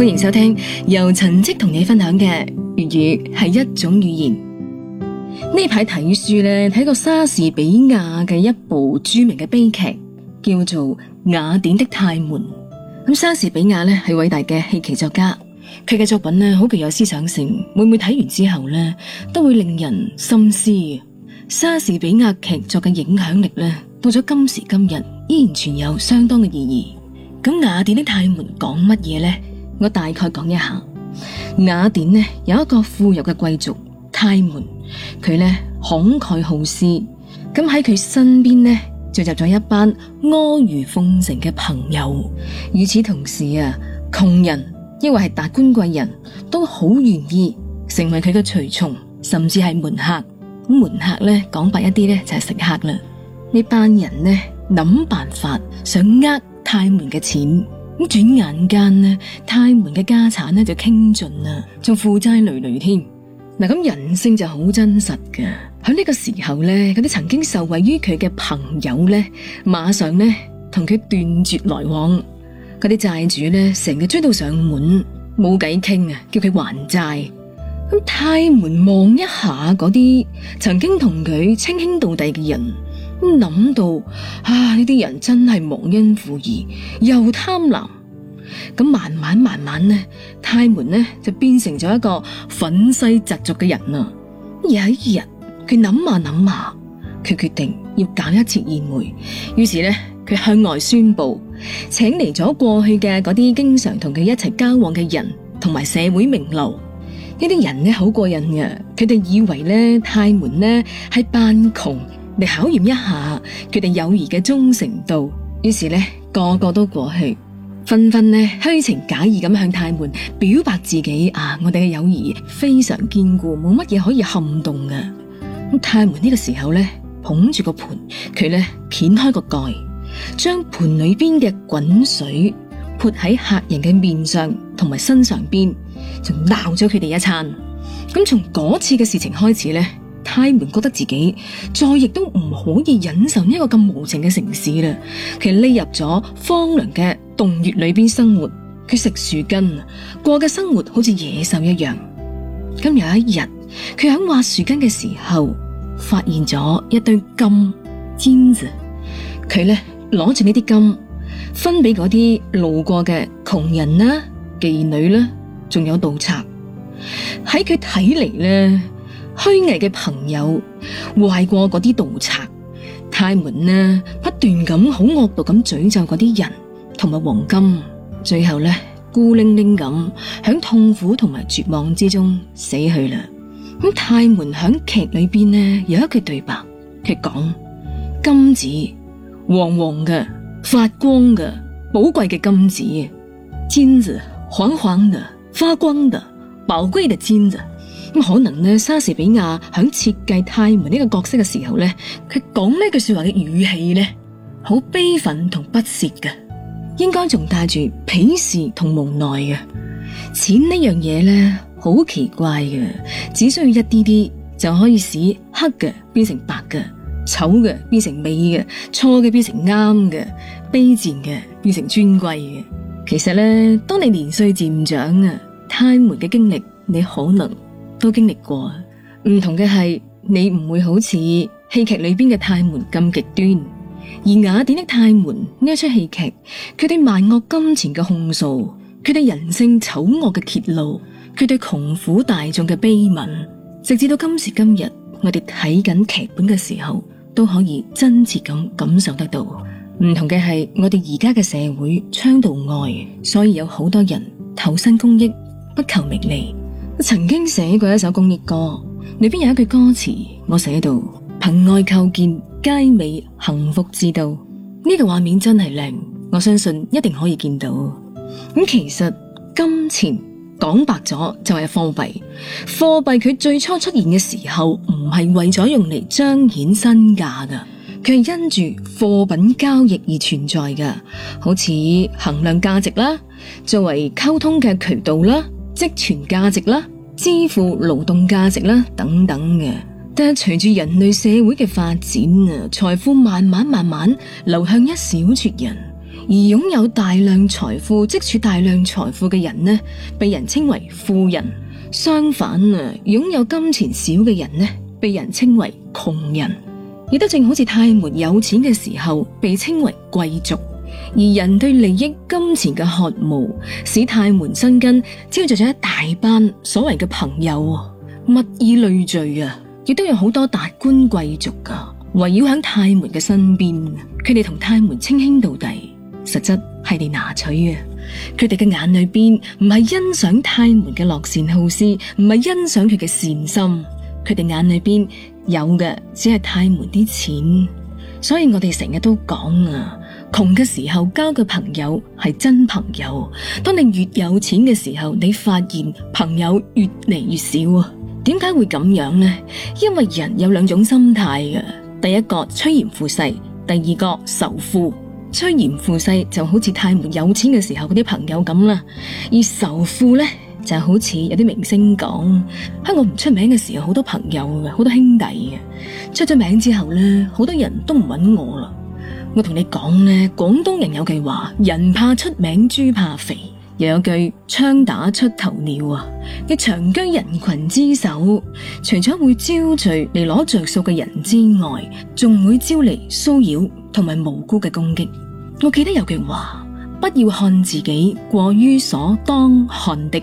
歡迎收聽，由陳迹同你分享嘅粵語係一種語言。看書呢排睇書咧，睇過莎士比亞嘅一部著名嘅悲劇，叫做《雅典的泰門》。咁莎士比亞咧係偉大嘅戲劇作家，佢嘅作品咧好具有思想性，每每睇完之後咧都會令人深思。莎士比亞劇作嘅影響力咧，到咗今時今日依然存有相當嘅意義。咁《雅典的泰門》講乜嘢呢？我大概講一下，雅典咧有一個富有的貴族泰門，佢咧慷慨，好施，咁喺佢身邊咧聚集咗一班阿諛奉承嘅朋友。與此同時啊，窮人因為係達官貴人都好願意成為佢嘅隨從，甚至係門客。門客咧講白一啲咧就係食客啦。這呢班人咧諗辦法想呃泰門嘅錢。咁轉眼間呢，泰門嘅家產呢就傾盡啦，仲負債累累添。嗱，咁人性就好真實嘅。喺呢個時候咧，嗰啲曾經受惠於佢嘅朋友咧，馬上咧同佢斷絕來往。嗰啲債主咧，成日追到上門，冇計傾啊，叫佢還債。咁泰門望一下嗰啲曾經同佢稱兄道弟嘅人，諗到啊！呢啲人真係忘恩負義，又貪婪。咁慢慢慢慢呢，泰門呢就變成咗一個憤世嫉俗嘅人啦。有一日，佢諗下諗下，佢決定要搞一次宴會。於是呢，佢向外宣布，請嚟咗過去嘅嗰啲經常同佢一齊交往嘅人，同埋社會名流。呢啲人呢好過癮嘅，佢哋以為咧泰門咧係扮窮。嚟考驗一下佢哋友誼嘅忠誠度，於是呢，個個都過去，紛紛呢，虛情假意咁向泰門表白自己啊！我哋嘅友誼非常堅固，冇乜嘢可以撼動嘅。咁泰門呢個時候呢，捧住個盤，佢咧掀開個蓋，將盤裏邊嘅滾水潑喺客人嘅面上同埋身上邊，就鬧咗佢哋一餐。咁從嗰次嘅事情開始呢。泰門覺得自己再亦都唔可以忍受呢一個咁無情嘅城市啦。佢匿入咗荒涼嘅洞穴裏邊生活，佢食樹根，過嘅生活好似野獸一樣。今日一日，佢喺挖樹根嘅時候發現咗一堆金子，佢咧攞住呢啲金分俾嗰啲路過嘅窮人啦、啊、妓女啦、啊，仲有盜賊。喺佢睇嚟咧，虛偽嘅朋友壞過嗰啲盜賊，泰門呢不斷咁好惡毒咁詛咒嗰啲人同埋黃金，最後呢孤零零咁響痛苦同埋絕望之中死去啦。咁泰門響劇裏面呢有一句對白，佢講，金子黃黃嘅發光嘅寶貴嘅金子，金子黃黃的發光的寶貴的金子。可能咧，莎士比亞喺設計泰門呢個角色嘅時候咧，佢講呢句說話嘅語氣咧，好悲憤同不屑嘅，應該仲帶住鄙視同無奈嘅。錢呢樣嘢咧，好奇怪嘅，只需要一啲啲就可以使黑嘅變成白嘅，醜嘅變成美嘅，錯嘅變成啱嘅，卑賤嘅變成尊貴嘅。其實呢，當你年歲漸長啊，泰門嘅經歷，你可能。都經歷過，唔同嘅係你唔會好似戲劇裏面嘅泰門咁極端，而雅典的泰門呢一出戲劇，佢對萬惡金錢嘅控訴，佢對人性醜惡嘅揭露，佢對窮苦大眾嘅悲憫，直至到今時今日，我哋睇緊劇本嘅時候，都可以真切咁感受得到。唔同嘅係我哋而家嘅社會倡導愛，所以有好多人投身公益，不求名利。曾經寫過一首公益歌，裏邊有一句歌詞，我寫到憑愛構建皆美幸福之道。呢、這個畫面真係靚，我相信一定可以見到。咁其實金錢講白咗就係、是、貨幣，貨幣佢最初出現嘅時候唔係為咗用嚟彰顯身價噶，佢係因住貨品交易而存在噶，好似衡量價值啦，作為溝通嘅渠道啦。積存價值啦，支付勞動價值啦，等等嘅，但係隨住人類社會嘅發展啊，財富慢慢慢慢流向一小撮人，而擁有大量財富、積蓄大量財富嘅人呢，被人稱為富人；相反啊，擁有金錢少嘅人呢，被人稱為窮人。亦都正好似泰門有錢嘅時候，被稱為貴族。而人對利益金錢嘅渴慕，使泰門身根招聚咗一大班所謂嘅朋友，物以類聚啊，亦都有好多達官貴族噶圍繞喺泰門嘅身邊。佢哋同泰門稱兄道弟，實質係嚟拿取嘅。佢哋嘅眼裏邊唔係欣賞泰門嘅樂善好施，唔係欣賞佢嘅善心。佢哋眼裏邊有嘅只係泰門啲錢。所以我哋成日都講啊。窮嘅時候交嘅朋友係真朋友，當你越有錢嘅時候，你發現朋友越嚟越少啊。點解會咁樣呢？因為人有兩種心態嘅，第一個趨炎附勢，第二個仇富。趨炎附勢就好似泰門有錢嘅時候嗰啲朋友咁啦，而仇富咧就好似有啲明星講，喺我唔出名嘅時候好多朋友，好多兄弟，出咗名之後呢，好多人都唔揾我啦。我同你講呢，廣東人有句話，人怕出名豬怕肥；又有句槍打出頭鳥啊。你長居人群之首，除咗會招聚嚟攞着數嘅人之外，仲會招嚟騷擾同埋無辜嘅攻擊。我記得有句話，不要看自己過於所當看的，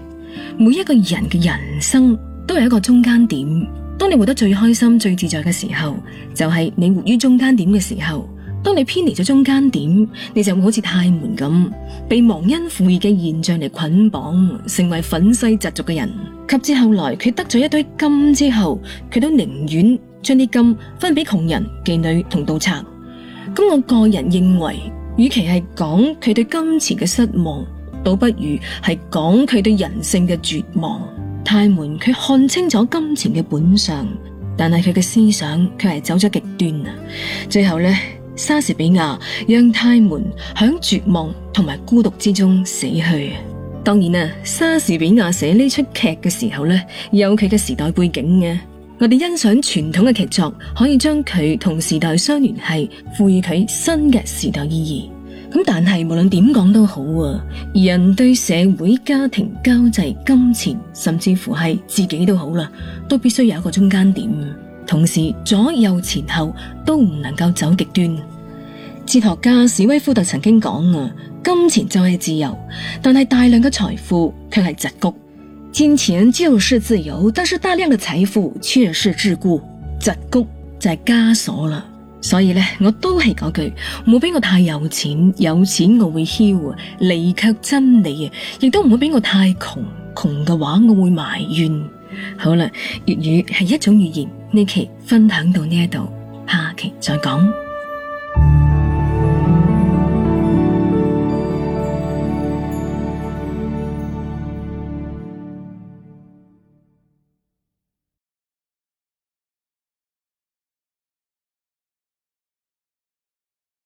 每一個人嘅人生都有一個中間點。當你活得最開心、最自在嘅時候，就係你活於中間點嘅時候。當你偏離咗中間點，你就會好似泰門咁，被忘恩負義嘅現象嚟捆綁，成為憤世嫉俗嘅人。及至後來佢得咗一堆金之後，佢都寧願將啲金分俾窮人、妓女同盜賊。咁我個人認為，與其係講佢對金錢嘅失望，倒不如係講佢對人性嘅絕望。泰門佢看清楚金錢嘅本相，但係佢嘅思想卻係走咗極端。最後呢。莎士比亞讓泰門喺絕望同埋孤獨之中死去。當然啊，莎士比亞寫呢齣劇嘅時候咧，有佢嘅時代背景。我哋欣賞傳統嘅劇作，可以將佢同時代相聯繫，賦予佢新嘅時代意義。但係無論點講都好，人對社會、家庭、交際、金錢，甚至乎係自己都好啦，都必須有一個中間點。同時左右前後都唔能夠走極端。哲學家史威夫特曾經講啊，金錢就係自由，但係大量嘅財富卻係桎梏。金錢就是自由，但是大量嘅財富卻是桎梏，桎梏就係枷鎖啦。所以呢，我都係嗰句，唔好俾我太有錢，有錢我會囂啊，離卻真理啊，亦都唔好俾我太窮，窮嘅話我會埋怨。好啦，粵語係一種語言。呢期分享到呢一度，下期再講。